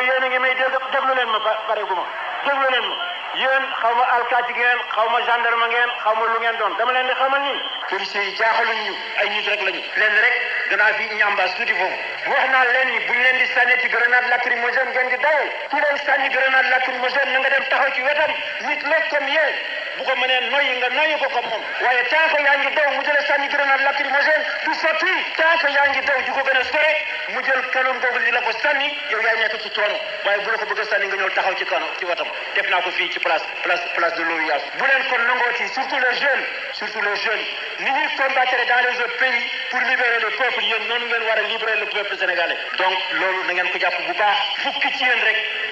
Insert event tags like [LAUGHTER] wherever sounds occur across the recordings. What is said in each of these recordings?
ko yéen a ngi may dégg déglu leen ma pareegu ma déglu leen ma yéen xaw ma alkaati ngeen xaw ma gendarme ngeen xaw ma lu ngeen doon dama leen di xamal ni policiers yi jaaxaluñ ñu ay nit rek lañu leen rek danaa fi ñambaas tuuti foofu wax naa leen ni buñ leen di sànni ci grenade lacrymogène ngeen di dawal ku leen sànni grenade lacrymogène na nga dem taxa ci wetam nit la comme yéen bu ko mënee noyyi nga noyyi ko comme waaye tant que yaa ngi daw mu jël sànni grenade lacrymogène du sotti tant que yaa ngi daw ju ko gën a sore mu jël kanoon googu di la ko sànni yow yaa nekk ci toonu waaye bu la ko bëgg a sànni nga ñëw taxaw ci kano ci watam def ko fii ci place place de l'OUA bu leen kon nangooti surtout les jeunes surtout les jeunes ni ñuy combattre dans les autres pays pour libérer le peuple yéen noonu ngeen war a le peuple sénégalais donc loolu na ngeen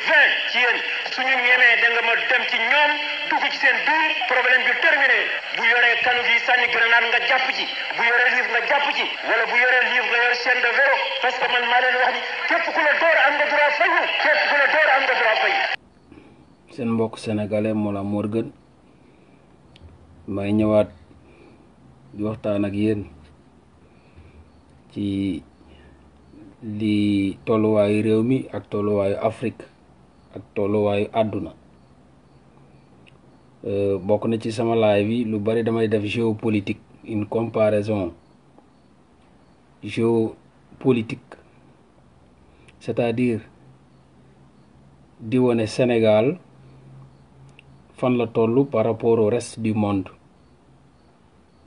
vingt ci yéen suñu ñemee da nga ma dem ci ñoom dugg ci seen biir problème bi terminé bu yoree kanu gi sànni grenade nga jàpp ci bu yoree livre nga jàpp ci wala bu yoree livre nga yor chaîne de vélo parce man maa leen wax ni képp ku la door am nga la door mbokk sénégalais Mollah may ñëwaat di waxtaan ak yéen ci li tolluwaayu réew mi ak tolluwaayu Afrique ak tolluwaayu àdduna euh, bokk na ci sama laay bi lu bari damay def géopolitique une comparaison géopolitique c'est-à-dire di wone Sénégal fan la toll par rapport au reste du monde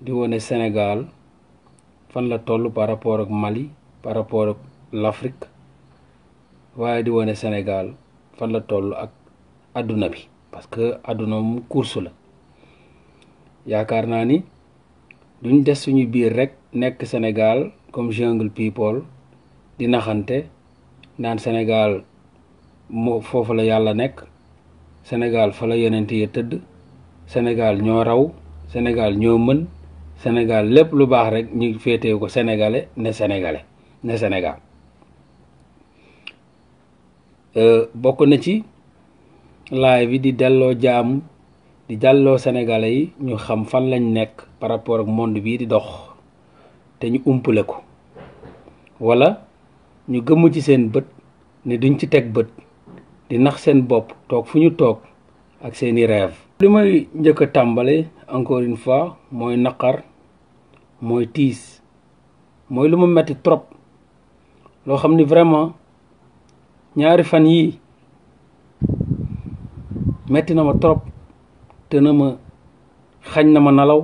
di wone Sénégal fan la tollu par rapport ak Mali par rapport ak l'Afrique waaye di wone Sénégal fan la toll ak àdduna bi parce que àdduna mu course la yaakaar naa ni duñ des suñu biir rek nekk Sénégal comme jungle people di naxante naan Sénégal moo foofu la yàlla nekk Sénégal fa la yonent ya tëdd Sénégal ñoo raw Sénégal ñoo mën Sénégal lépp lu baax rek ñu féetewu ko sénégalais ne sénégalais ne Sénégal Euh, bokk na ci live bi di delloo jaam di delloo sénégalais yi ñu xam fan lañ nekk par rapport ak monde bii di dox te ñu umpale ko wala ñu gëmm ci seen bët ne duñ ci teg bët di nax seen bopp toog fu ñu toog ak seeni rêve li may njëkk a tàmbale encore une fois mooy naqar mooy tiis mooy lu ma metti trop loo xam ni vraiment ñaari fan yii metti na ma trop te na ma xañ na ma nelaw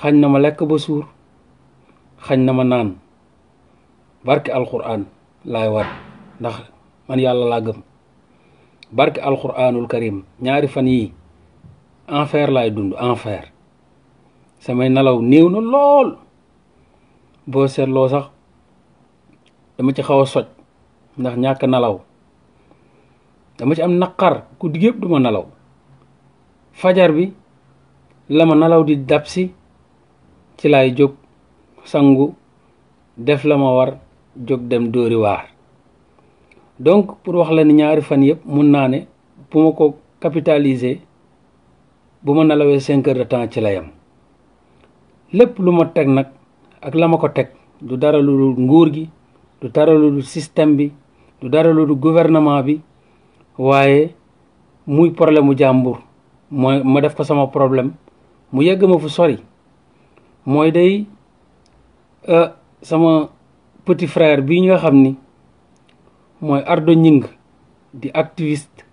xañ na ma lekk ba suur xañ na ma naan barke alxuraan lay waat ndax man yàlla laa gëm barke alxuraanul karim ñaari fan yii enfer lay dund enfer samay nelaw néew na lool boo seetloo sax dama ci xaw a soj ndax ñàkk nalaw dama ci am naqar ku digg duma du nalaw fajar bi la ma nalaw di dab si ci lay jóg sangu def la ma war jóg dem dóori waar donc pour wax la ni ñaari fan yëpp mun naa ne bu ma ko capitaliser bu ma nalawee cinq heures de temps ci la yam lépp lu ma teg nag ak la ma ko teg du dara lu nguur gi du dara lu dul bi du dara lu du gouvernement bi waaye muy problème mu jàmbur mooy ma def ko sama problème mu yegg ma fu sori mooy day euh, sama petit frère bii nga xam ni mooy Ardo Gning di activiste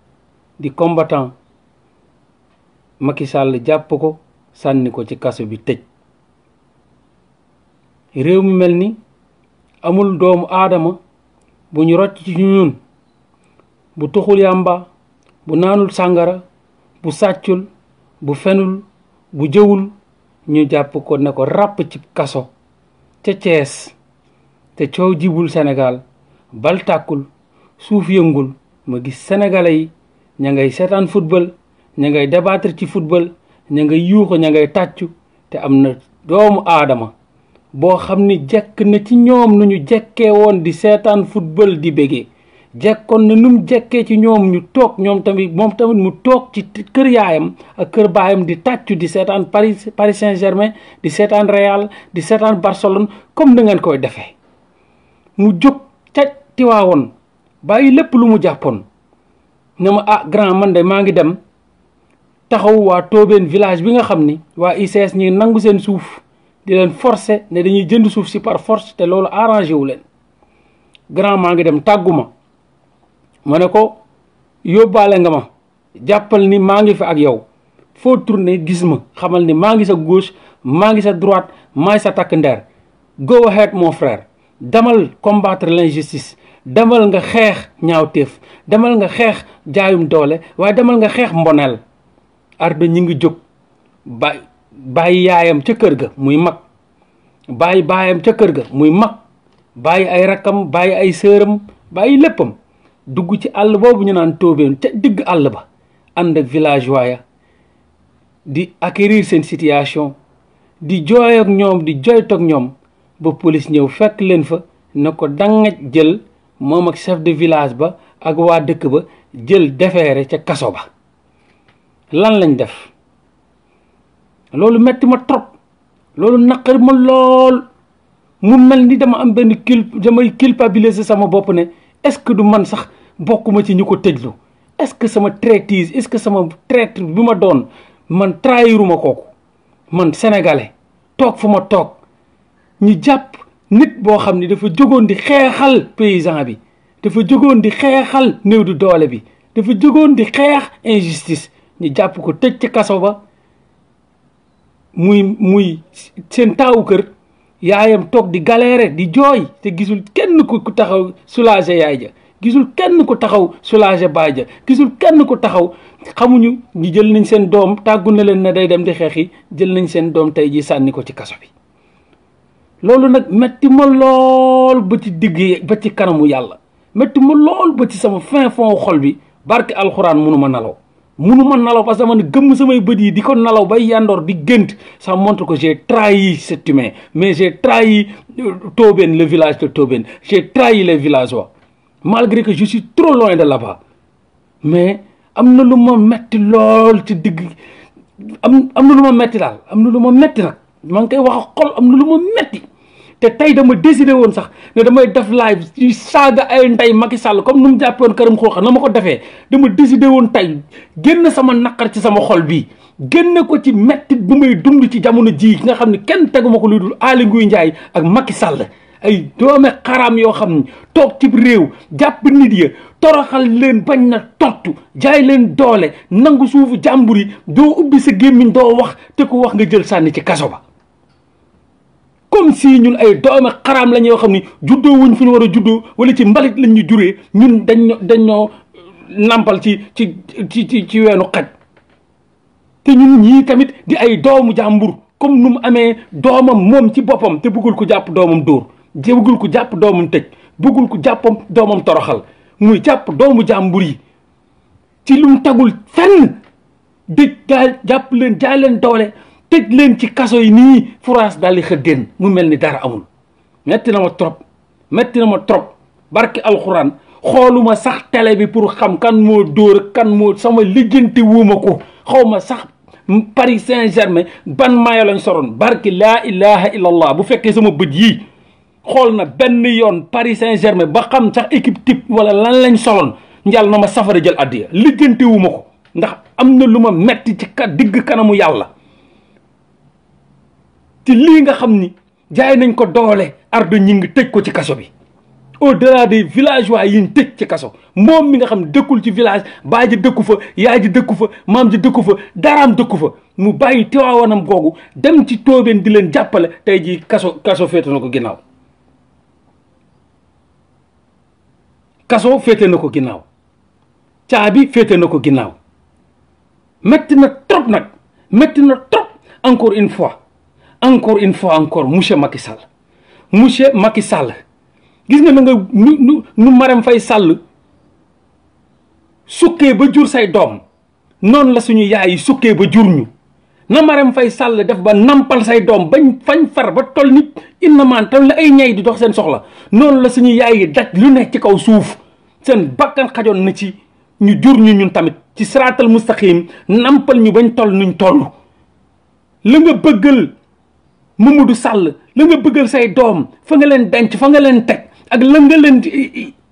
di combattant Macky Sall jàpp ko sànni ko ci kaso bi tëj réew mi mel ni amul doomu aadama bu ñu rocc ci ñun bu tuxul yàmba bu naanul sàngara bu sàccul bu fenul bu jëwul ñu jàpp ko ne ko ràpp ci kaso ca Cees te coow jibul Sénégal baltàkkul tàkkul suuf yëngul ma gis sénégalais yi ña ngay seetaan football ña ngay débattre ci football ña ngay yuuxu ña ngay tàccu te am na doomu aadama boo xam ni jekk na ci ñoom nañu ñu woon di seetaan football di bége jekkoon na nu mu ci ñoom ñu toog ñoom tamit moom tamit mu toog ci kër yaayam ak kër baayam di tàccu di seetaan Paris Paris Saint-Germain di seetaan Real di seetaan Barcelone comme na ngeen koy defe mu jóg ca Tiwaawoon bàyyi lépp lu mu jàppoon ne ma ah grand man de maa ngi dem taxaw waa Tobène village bi nga xam ni waa ICS ñi nangu seen suuf di leen forcer ne dañuy jënd suuf si par force te loolu arrangé wu leen grand maa ngi dem tàggu ma ma ne ko yóbbaale nga ma jàppal ni maa ngi fi ak yow foo tourné gis ma xamal ni maa ngi sa gauche maa ngi sa droite maay sa takk ndeer go ahead mon frère demal combattre l'injustice demal nga xeex ñaawteef demal nga xeex jaayum doole waaye demal nga xeex mboneel ardo ñi ngi jóg bàyyi yaayam ca kër ga muy mag bàyyi baayam ca kër ga muy mag bàyyi ay rakkam bàyyi ay sëram bàyyi léppam dugg ci àll boobu ñu naan tóobeen ca digg àll ba ànd ak villageois ya di acquérir seen situation di jooy ak ñoom di ak ñoom ba polis ñëw fekk leen fa ne ko dangaj jël moom ak chef de village ba ak waa dëkk ba jël defeere ca kaso ba lan lañ def loolu metti ma trop loolu naqari ma lool mu mel ni dama am benn cul damay culpabiliser sama bopp ne est-ce que du man sax bokkuma ci ñu ko tëjlu est-ce que sama traîtrise est-ce que sama traitre bi ma doon man trahiruma kooku man sénégalais toog fu ma toog ñu jàpp nit boo xam ni dafa jógoon di xeexal paysan bi dafa jógoon di xeexal néew du doole bi dafa jógoon di xeex injustice ñu jàpp ko tëj ci kaso ba muy muy seen taawu kër yaayam toog di galéré di jooy te gisul kenn ku taxaw soulager yaay ja gisul kenn ku taxaw soulager baay ja gisul kenn ku taxaw xamuñu ñu jël nañ seen doom tàggu na leen ne day dem di xeexi jël nañ seen doom tey ji sànni ko ci kaso bi loolu nag metti ma lool ba ci digg ba ci kanamu yàlla metti ma lool ba ci sama fin fond xol bi barke alxuraan ma naloo munu ma nalaw parce que man gëmm samay bët yi di ko nalaw bay yandoor di gént sa montre ko j'ai trahi cet humain mais j'ai trahi euh, Tobène le village de Tobène j'ai trahi les villageois malgré que je suis trop loin de là-bas mais am na lu ma metti lool ci digg am am na lu ma metti daal am na lu ma metti nag maa ngi koy wax xol am na lu ma metti te tey dama décidé woon sax ne damay def live ci saaga ay ndey Macky Sall comme nu mu jàppee woon këram xooxa na ma ko defee dama décidé woon tey génn sama naqar ci sama xol bi génn ko ci mettit bu may dund ci jamono jii ji nga xam ne kenn teguma ko lu dul Aly Ngouille Ndiaye ak Macky sàll ay doome xaraam yoo xam ne toog ci réew jàpp nit ya toroxal leen bañ na tott jaay leen doole nangu suufu jàmbur yi doo ubbi sa gémmiñ doo wax te ko wax nga jël sànni ci kaso ba comme si ñun ay doomi xaraam la ñoo xam ni juddoo wuñ fu ñu war a juddoo wala ci mbalit lañ ñu juree ñun dañ dañoo nampal ci ci ci ci ci weenu xaj te ñun ñii tamit di ay doomu jàmbur comme nu mu amee doomam moom ci boppam te bëggul ko jàpp doomam dóor te bëggul ko jàpp doomam tëj bëggul ko jàppam doomam toroxal muy jàpp doomu jàmbur yi ci lu mu tagul fenn dëj gaa jàpp leen jaay leen doole tëj leen ci kaso yi nii France daal di xëddeen mu mel ni dara amul metti na ma trop metti na ma trop barki alxuraan xooluma sax télé bi pour xam kan moo dóor kan moo sama lijjanti wuuma ko xawma sax Paris Saint-Germain ban maayo lañ soroon barki laa ilaha illallah bu fekkee sama bët yii xool na benn yoon Paris Saint-Germain ba xam sax équipe type wala lan lañ soloon njal na ma safara jël addiya lijjanti wuuma ko ndax am na lu ma metti ci digg kanamu yàlla ci lii nga xam ni jaay nañ ko doole Ardo Gningue tëj ko ci kaso bi au delà des villageois yi ñu tëj ci kaso moom mi nga xam dëkkul ci village baay ji dëkku fa yaay ji dëkku fa maam ji dëkku fa daraam dëkku fa mu bàyyi tiwaawanam googu dem ci toobeen di leen jàppale tey jii kaso kaso féete na ko ginnaaw kaso féete na ko ginnaaw caabi féete na ko ginnaaw métti na trop nag métti na trop encore une fois encore une fois encore monsieur Macky Sall monsieur Macky Sall gis nga na nga nu nu nu Marème Faye Sall sukkee ba jur say doom noonu la suñu yaay yi sukkee ba jur ñu na Marème fay Sall def ba nampal say doom bañ fañ far ba toll nit innamaan tam la ay ñay di dox seen soxla noonu la suñu yaay yi daj lu nekk ci kaw suuf seen bakkan xajoon na ci ñu jur ñu ñun tamit ci siraatal mustaqim nàmpal ñu bañ toll nuñ toll la nga bëggal du sàll la nga bëggal say doom fa nga leen denc fa nga leen teg ak la nga leen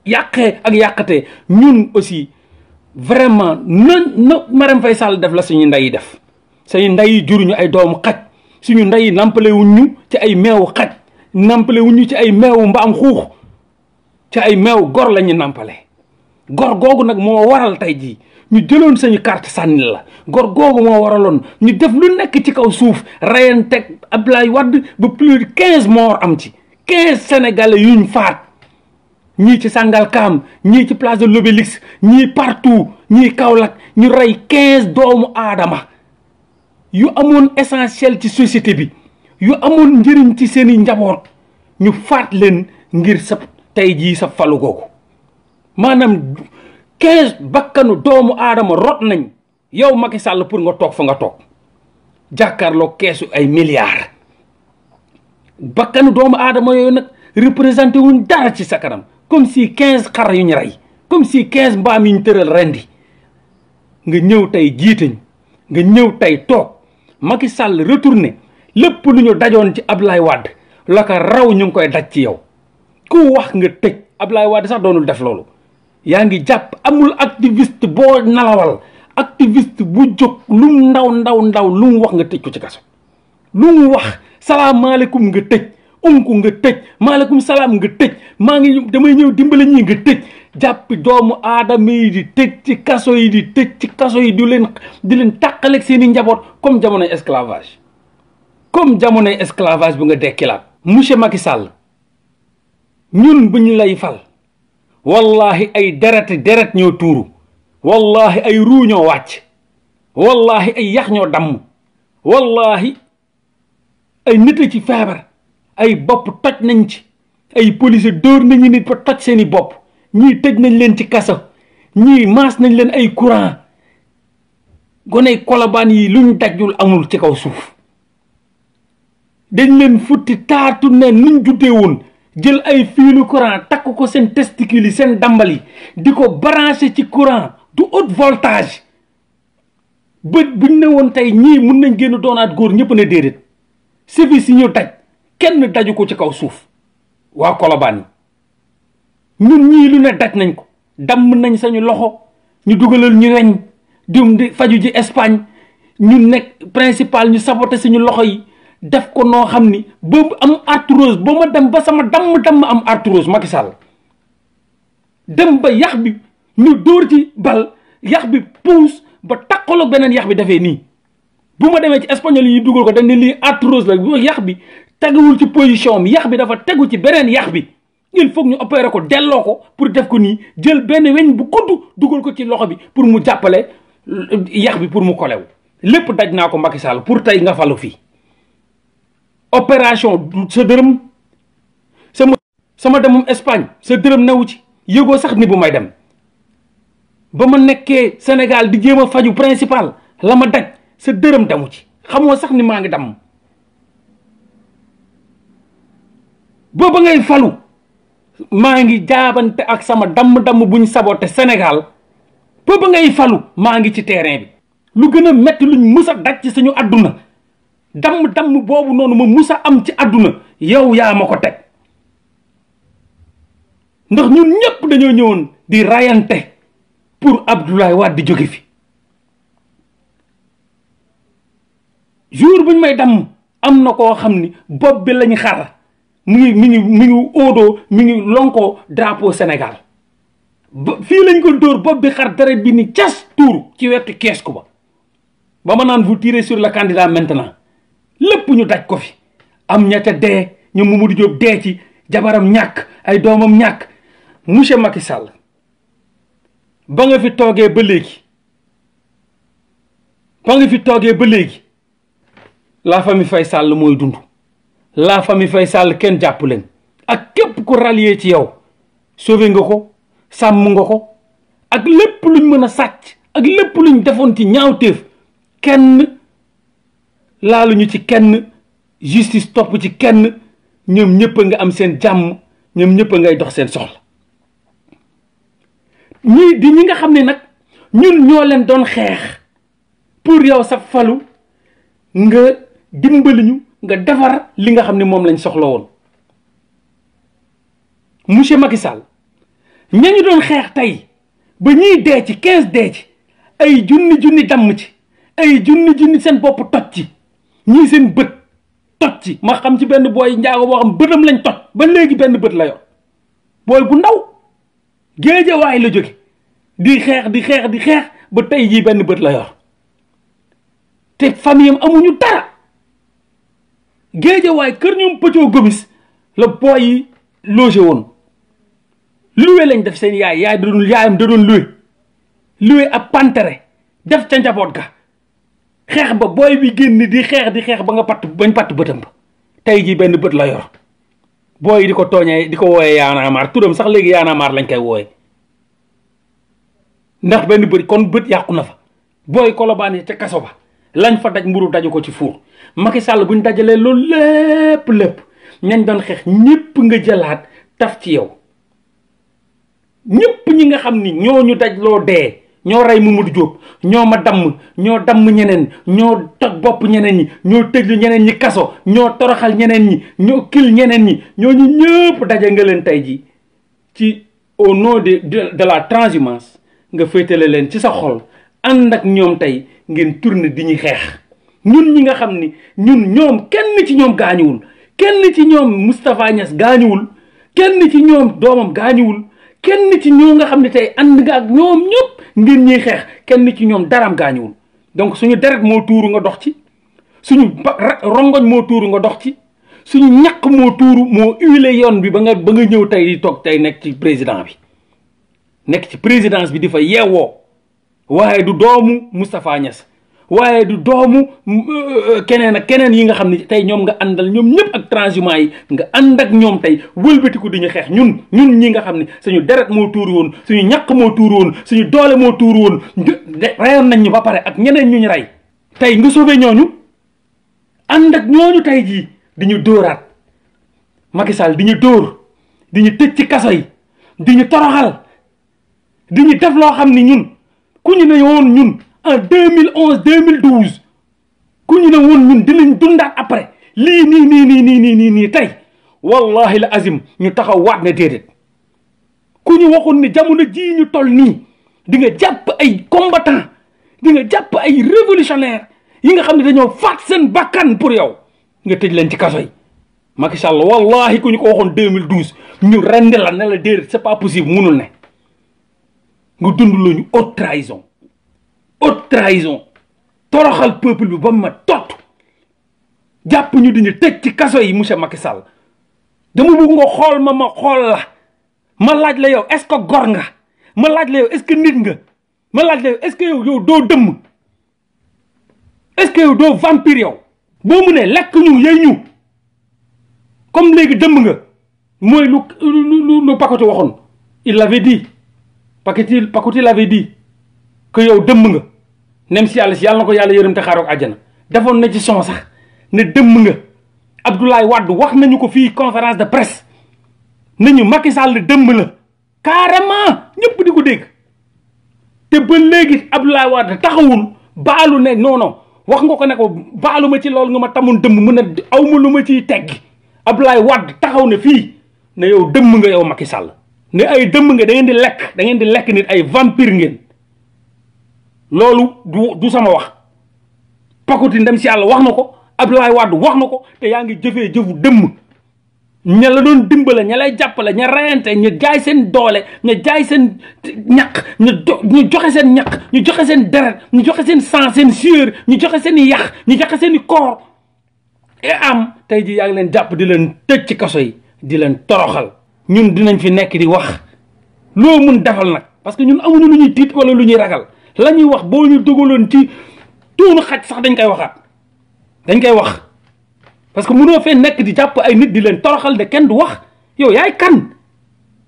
yàqee ak yàqte ñun aussi vraiment na na Marème Faye Sall def la suñu ndey def say ndey juruñu ay doomu xaj suñu ndey nampale wuñ ñu ci ay meewu xaj nampale wuñ ci ay meewu mbaam xuux ci ay meew gor lañuy nàmpale gor googu nag moo waral tey jii ñu jëloon sañu carte sànni la gor googu moo waraloon ñu def lu nekk ci kaw suuf rayanteeg Abdoulaye wadd ba plus de quinze am ci quinze sénégalais yuñ faat ñii ci sangal Sangalkam ñii ci place de l'Obélisque ñii partout ñii Kaolack ñu rey quinze doomu aadama yu amoon essentiel ci société bi yu amoon njëriñ ci seeni njaboot ñu faat leen ngir sa tey jii sa falu googu quinze bakkanu doomu aadama rot nañ yow Macky Sall pour nga toog fa nga toog jàkkarloo keesu ay milliards bakkanu doomu aadama yooyu nag représenté wuñ dara ci sa kanam comme si quinze xar yu ñu rey comme si quinze mbaam yu ñu tëral rendi nga ñëw tey jiitañ nga ñëw tey toog Macky Sall retourné lépp lu ñu dajoon ci Ablaye Wade la ko raw ñu ngi koy daj ci yow ku wax nga tëj Ablaye Wade sax doonul def loolu yaa ngi jàpp amul activiste boo nalawal activiste bu jóg lu ndaw ndaw ndaw lu mu wax nga tëj ko ci kaso lu mu wax salaamaaleykum nga tëj unku nga tëj maaleykum salaam nga tëj maa ngi damay ñëw dimbali ñii nga tëj jàpp doomu aadama yi di tëj ci kaso yi di tëj ci kaso yi di leen di leen tàqaleeg seen i njaboot comme jamonoy esclavage comme jamonoy esclavage bu nga dekkilaat monsieur Macky sàll ñun bu ñu lay fal wallahi ay dereti deret ñoo tuuru wallahi ay ruu wàcc wallahi ay yax ñoo damm wallahi ay nit a ci feebar ay bopp toj nañ ci ay police dóor nañu nit ba toj seeni bopp ñii tëj nañ leen ci kaso ñii maas nañ leen ay courant goney kolobaan yi luñ dajjul amul ci kaw suuf dañ leen futti taatu ne nuñ juddee woon jël ay fiilu courant takk ko seen testicule yi seen dàmbal yi di ko branché ci courant du haute voltage ba buñ ne woon tey ñii mun nañ génn doonaat góor ñëpp ne déedéet service yi ñu daj kenn daju ko ci kaw suuf waa Colobane yi ñun ñii lu ne daj nañ ko damm nañ sañu loxo ñu dugalal ñu weñ dum di faju ji Espagne ñu nekk principal ñu saboté suñu loxo yi def ko noo xam ni ba am arthrose boo ma dem ba sama damm damm am arthrose Macky dem ba yax bi ñu dóor ci bal yax bi puus ba takkaloog beneen yax bi defee nii bu ma demee ci espagnol yi dugal ko dañ ne lii arthrose la bu bi teguwul ci position am yax bi dafa tegu ci beneen yax bi il faut ñu opérer ko delloo ko pour def ko nii jël benn weñ bu gudd dugal ko ci loxo bi pour mu jàppale yax bi pour mu kolew lépp daj naa ko Macky pour tey nga falu fii opération sa dërëm sama sama Espagne sa dërëm newu ci yëgoo sax ni bu may dem ba ma nekkee Sénégal di jéem faju principal la ma daj sa dërëm demu ci xamoo sax ni maa ngi dem booba ngay falu maa ngi jaabante ak sama damm-damm buñ saboté Sénégal booba ngay falu maa ngi ci terrain bi lu gën a metti luñ mus daj ci suñu àdduna damm-damm boobu noonu ma musa am ci àdduna yow yaa ma ko teg ndax ñun ñépp dañoo ñëwoon di rayante pour Abdoulaye Wade di jóge fi jour buñ may damm am na koo xam ni bopp bi lañ xar mi ngi mi ngi mi ngi óodoo ngi lonkoo drapeau Sénégal ba fii lañ ko dóor bopp bi xar deret bi ni cas tuur ci wetu kees ku ba ba ma naan vous tirez sur le candidat maintenant lépp ñu daj ko fi am ña ca dee ñu Mamadou Diop dee ci jabaram ñàkk ay doomam ñàkk monsieur Macky sàll ba nga fi toogee ba léegi ba nga fi toogee ba léegi la famille fay sàll mooy dund la famille Faye sàll kenn jàpp leen ak képp ku rallier ci yow sauvé nga ko sàmm nga ko ak lépp luñ mën a sàcc ak lépp luñ defoon ci ñaawteef kenn laaluñu ci kenn justice topp ci kenn ñoom ñëpp nga am seen jàmm ñoom ñëpp ngay dox seen soxla ñii di ñi nga xam ne nag ñun ñoo leen doon xeex pour yow sa falu nga dimbaliñu nga defar li nga xam ne moom lañ soxla woon monsieur Macky Sall ñañu doon xeex tey ba ñuy dee ci quinze dee ci ay junni junni damm ci ay junni junni seen bopp toj ci ñii seen bët toj ci ma xam ci benn booy njaago boo xam bëtam lañ toj ba léegi benn bët la yor booy bu ndaw géejawaay la jóge di xeex di xeex di xeex ba tey jii benn bët la yor te famille amuñu dara géejawaay kër ñoom pëccoo gomis la yi logé woon luwe lañ def seen yaay yaay da doon yaayam da doon luwe luwe ab pantere def ca njaboot ga xeex ba booy bi génn di xeex di xeex ba nga patt bañ patt bëtam ba tey ji benn bët la yor booy yi di ko tooñee di ko wooyee yaanaamaar turam sax léegi yaanaamaar lañ koy wooye ndax benn bët kon bët yàqu na fa booy kolobaan ca kaso ba lañ fa daj mburu daju ko ci fuur Macky Sall buñ dajalee loolu lépp lépp ñañ doon xeex ñëpp nga jëlaat taf ci yow ñëpp ñi nga xam ni ñu daj loo dee ñoo rey mu Mamadou Diop ñoo ma damm ñoo damm ñeneen ñoo toj bopp ñeneen ñi ñoo tëjlu ñeneen ñi kaso ñoo toroxal ñeneen ñi ñoo kil ñeneen ñi ñooñu ñëpp daje nga leen tey ji ci au nom de de la transhumance nga féetale leen ci sa xol ànd ak ñoom tey ngeen tourné di ñuy xeex ñun ñi nga xam ni ñun ñoom kenn ci ñoom gaañuwul kenn ci ñoom Moustapha Niass gaañuwul kenn ci ñoom doomam gaañuwul kenn ci ñoo nga xam ne tey ànd nga ak ñoom ñëpp ngir ñuy xeex kenn ci ñoom daraam gaañuwul donc suñu deret moo tuuru nga dox ci suñu rongoñ moo tuuru nga dox ci suñu ñaq moo tuuru moo huilé yoon bi ba nga ba nga ñëw tey toog tey nekk ci président bi nekk ci présidence bi di fa yeewoo waaye du doomu Moustapha Niass waaye du doomu mm, euh, euh, keneen ak keneen yi nga xam ne tey ñoom nga àndal ñoom ñëpp ak transhumants yi nga ànd ak ñoom tey wëlbatiku di ñu xeex ñun ñun ñi nga xam ne suñu deret moo tuur woon suñu ñàkk moo tuur woon suñu doole moo tuur woon reyoon nañ ñu ba pare ak ñeneen ñu ñu rey tey nga sauvé ñooñu ànd ak ñooñu tey jii di ñu dóoraat Macky Sall di ñu dóor di ñu tëj ci kaso yi di ñu toroxal di ñu def loo xam ne ñun ku ñu ne woon ñun en 2011 2012 ku ñu ne woon ñun dinañ dundaat après lii nii nii nii nii nii nii nii tey wallahi la azim ñu taxaw waat na déedéet ku ñu waxoon ne jamono ji ñu toll nii di nga jàpp ay combattant di nga jàpp ay révolutionnaire yi nga xam ne dañoo faat seen bakkan pour yow nga tëj leen ci kaso yi Macky Sall wallahi ku ñu ko waxoon 2012 ñu rendi la ne la déedéet c'est pas possible munul ne nga dund la ñu haute trahison haute trahison toroxal peuple bi ba ma tott jàpp ñu diñu tëj ci kaso yi monsieur Macky Sall dama bëgg nga xool ma ma xool la ma laaj la yow est-ce que gor nga ma laaj la yow est-ce que nit nga ma laaj la yow est-ce que yow yow doo dëmm est-ce que yow doo vampire yow boo mu ne lekk ñu yey ñu comme léegi dëmm nga mooy lu lu lu Pakoti waxoon il l'avait dit Pakoti Pakoti l'avait que yow dëmb nga nem si yàlla si yàlla na ko yàlla yërëm te xaarook àjjana defoon na ci son sax ne dëmb nga Abdoulaye Wade wax nañu ko fii conférence de presse nañu Macky Sall dëmm la carrément ñëpp di ko dégg te ba léegi Abdoulaye Wade taxawul baalu ne non non wax nga ko ne ko baalu ma ci loolu nga ma tamun dëmm mu ne aw ma lu ma ciy teggi Abdoulaye Wade taxaw ne fii ne yow dëmb nga yow Macky sàll ne ay dëmm nga da ngeen di lekk da ngeen di lekk nit ay vampire ngeen loolu du du sama wax pakoti ndem si yàlla wax na ko Abdoulaye Wade wax na ko te yaa ngi jëfee jëfu dëmm ña la doon dimbale ña lay jàppale ña reyante ña jaay seen doole ña jaay seen ñaq ña joxe seen ñaq ñu joxe seen deret ñu joxe seen sang seen sueur ñu joxe seen i yàq ñu joxe seen i koor e am tey ji yaa leen jàpp di leen tëj ci kaso yi di leen toroxal ñun dinañ fi nekk di wax loo mun defal nag parce que ñun amuñu lu ñuy tiit wala lu ñuy ragal la ñuy wax boo ñu dugaloon ci tuunu xaj sax dañ koy waxaat dañ koy wax parce que mënoo fee nekk di jàpp ay nit di leen toroxal ne kenn du wax yow yay kan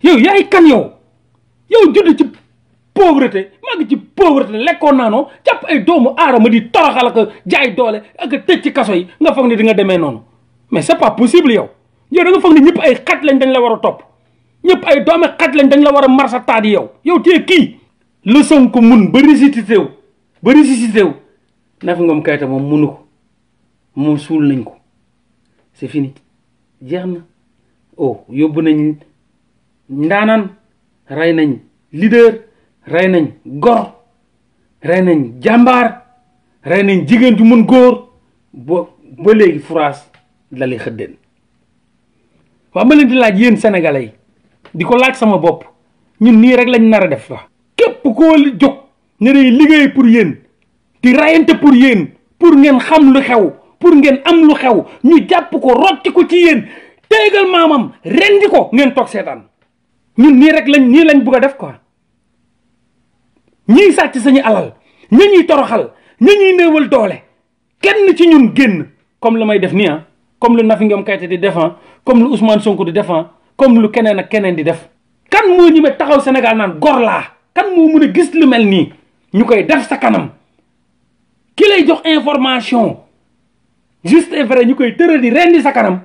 yow yaay kan yow yow judd ci pauvreté màgg ci pauvreté lekkoon naanoo jàpp ay doomu aadama di toroxal ak jaay doole ak tëj ci kaso yi nga foog ni di nga demee noonu mais c'est pas possible yow yow da nga foog ni ñëpp ay xaj lañ dañ la war a topp ñëpp ay doomu xaj lañ dañ la war a marsa taat yow yow tee kii le Sonko mun ba ressuscité wu ba ressuscité wu Nafi Ngom Keïta moom munu ko moom suul nañ ko c'est fini jeex na oh yóbbu nañ ndaanaan rey nañ leader rey nañ gor rey nañ jàmbaar rey nañ jigéen ju mun góor ba ba léegi France la lay xëddeen ma leen di laaj yéen senegal yi di ko laaj sama bopp ñun nii rek lañ nar a def la képp koo jóg ne day liggéey pour yéen di rayante pour yéen pour ngeen xam lu xew pour ngeen am lu xew ñu jàpp ko rocc ko ci yéen téegal maamam rendi ko ngeen toog seetaan ñun nii rek lañ nii lañ bugg a def quoi ñiy sàcc sañu alal ña ñuy toroxal ña ñuy néewal doole kenn ci ñun génn comme lu may def nii ah comme lu Nafi Ngom Keïta di def ah, comme lu Ousmane Sonko di def ah, comme lu keneen ak keneen di def. kan moo ñi me taxaw Sénégal naan gor laa kan moo mën a gis lu mel nii ñu koy def sa kanam ki lay jox information juste et vrai ñu koy tëral di rendi sa kanam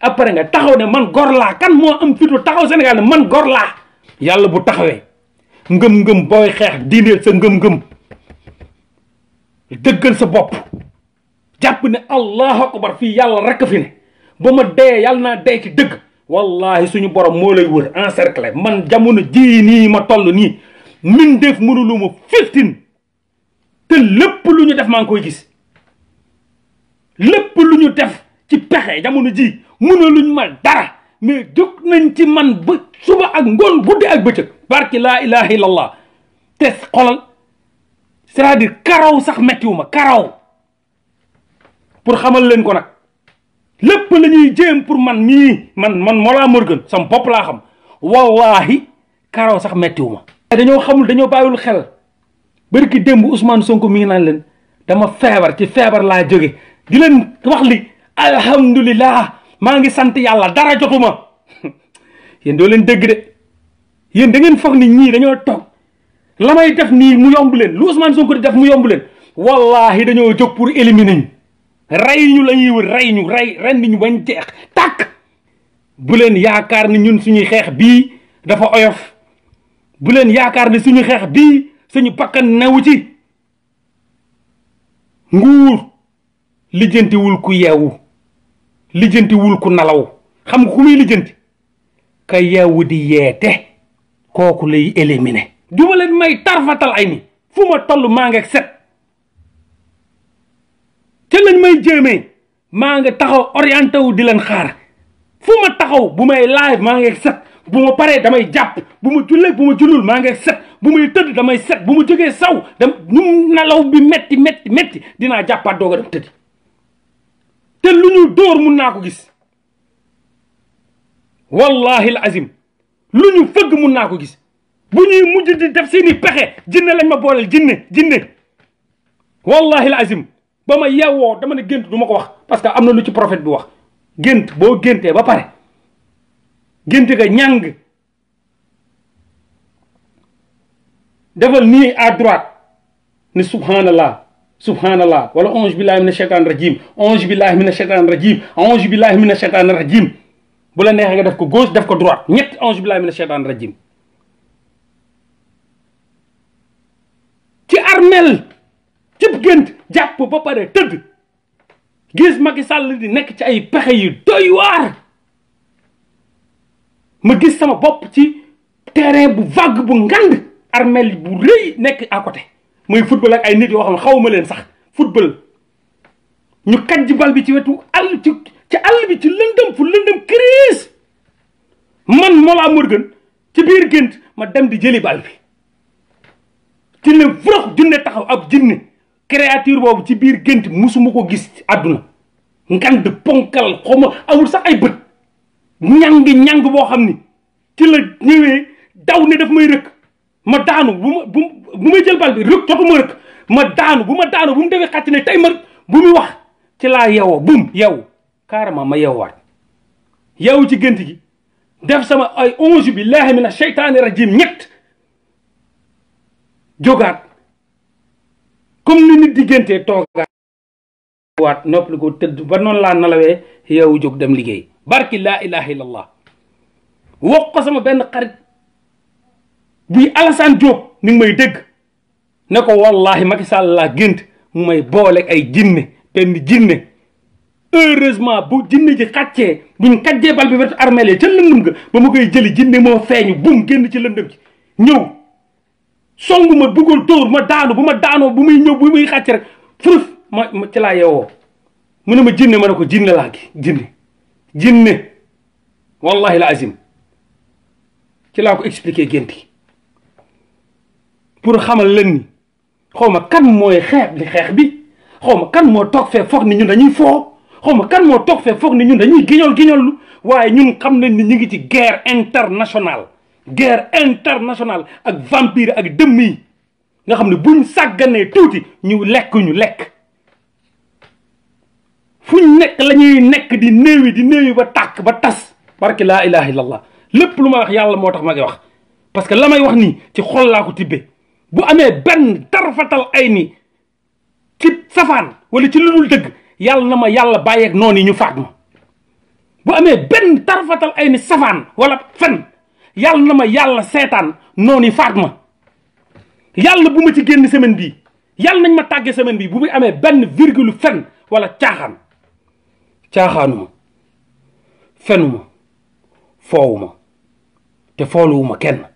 après nga taxaw ne man gor laa kan moo am fitu taxaw Sénégal ne man gor laa yàlla bu taxawee ngëm-ngëm booy xeex diineel sa ngëm-ngëm dëggal sa bopp jàpp ne allahu akbar fii yàlla rekk fi ne ba ma dee yàlla naa dee ci dëgg wallahi suñu borom moo lay wër encercler man jamono jii nii ma toll nii min def mënulu ma filtin te lépp lu ñu def maa ngi koy gis lépp lu ñu def ci pexe jamono ji lu ñu ma dara mais jóg nañ ci man ba suba ak ngoon guddi ak bëccëg barki la ilaha illallah te xolal cest à karaw sax méttiwu ma karaw pour xamal leen ko nag lépp la ñuy jéem pour man mii man man Mollah Morgun sam bopp laa xam wallahi karaw sax méttiwu ma dañoo xamul dañoo bàyyul xel bari ki démb Ousmane Sonko mi ngi naan leen dama feebar ci feebar laa jóge di leen wax li alhamdulilah maa ngi sant yàlla dara jotuma [LAUGHS] yéen doo leen dégg de yéen da ngeen ni ñii dañoo toog la def nii mu yombuleen leen lu Ousmane Sonko di def mu yombuleen leen wallahi dañoo jóg pour éliminer ñu rey ñu la ñuy wër rey ñu rey ren ñu bañ jeex tàkk bu leen yaakaar ni ñun suñuy xeex bii dafa oyof bu leen yaakaar ne suñu xeex bii suñu bakkan newu ci nguur lijjantiwul ku yeewu lijjantiwul ku nalaw xam nga ku muy lijjanti ka yeewu di yeete kooku lay éliminer du ma leen may tarfatal ay ni fu ma toll maa ngi ak set te lañ may jéemee maa nga taxaw orienté wu di leen xaar fu ma taxaw bu may live maa ngi ak bu ma paree damay jàpp bu ma jullee bu ma jullul maa ngi set bu may tëdd damay set bu ma jógee saw dem num nalaw bi metti metti metti dinaa jàppaat doog a dem te lu ñu dóor mun naa ko gis wallahi al azim lu ñu fëgg mun naa ko gis bu ñuy mujj di def seeni pexe jinne lañ ma booleel jinne jinne wallahi al azim ba ma yeewoo dama ne gént du ma ko wax parce que am na lu ci prophète bi wax gént boo géntee ba pare gént ga ñàng defal nii à droite ne subhanallah subhanallah wala ange billahi mina shaytan rajim ange billahi mina shaytan rajim ange billahi mina shaytan rajim bu la neexee nga def ko gauche def ko droite ñett ange billahi mina shaytan rajim ci armel cib gént jàpp ba pare tëdd gis Macky Sall di nekk ci ay pexe yu doy waar ma gis sama bopp ci terrain bu vague bu ngand armel bu rëy nekk à côté mooy football ak ay nit yoo xam ne xaw ma leen sax football ñu kaj bal bi ci wetu àll ci ci àll bi ci lëndëm fu lëndëm crise man Mollah Morgun ci biir gént ma dem di jëli bal bi ci ne vrox junne taxaw ab jinne créature boobu ci biir gént musuma ko gis àdduna ngand ponkal xaw ma sax ay bët ñangi ñang boo xam ni ci la daw ne def may rëkk ma daanu bu ma bu may jël bal bi rëkk jotu ma rëkk ma daanu bu ma daanu bu mu defee xàcc ne tey ma bu mu wax ci laa yeewoo bum yeewu carrément ma yeewaat yeewu ci gént gi def sama ay onze billahi mina sheytaani rajim ñett jógaat comme ni nit di géntee toogaat waat nopp li ko tëdd ba noonu laa nalawee yeewu jóg dem liggéey barki laa ilaha illallah wax ko sama benn xarit buy Alassane Diop mi ngi may dégg ne ko wallahi Macky Sall laa gént mu may boole ay jinne benn jinne heureusement bu jinne ji xàccee buñ xàccee bal bi wetu armeel yi ca lëndëm nga ba ma koy jëli jinne moo feeñu bum génn ci lëndëm ji ñëw songu ma bëggul tóor ma daanu bu ma daanoo bu muy ñëw bu muy xàcc rek furuf ma ci laa mu ne ma jinne ma ne ko jinne laa gi jinne jinne wallahi la azim ci laa ko expliqué génti pour xamal leen ni xaw ma kan mooy xeex xeex bi xaw ma kan moo toog fee foog ni ñun dañuy foo xaw ma kan moo toog fee foog ni ñun dañuy giñol giñol waaye ñun xam nañ ni ñu ngi ci guerre internationale guerre internationale ak vampire ak dëmm nga xam ne buñ sàgganee tuuti ñu lekk ñu lekk fuñ nekk la nekk di néewi di néewi ba tàkk ba tas barki laa ilaha lépp lu may yàlla moo tax ma koy wax parce que la wax nii ci xol laa ko tibbee bu amee benn tarfatal ay ni ci safaan wala ci lu dul dëgg na ma yàlla bàyyeeg noonu yi ñu faat ma bu amee benn tarfatal ay ni safaan wala fen yàlla na ma yàlla seetaan noonu yi faat ma yàlla bu ma ci génn semaine bii yàlla nañ ma tàggee semaine bi bu muy amee benn virgule fen wala caaxaan caaxaanuma fenuma foowuma te fooluwuma kenn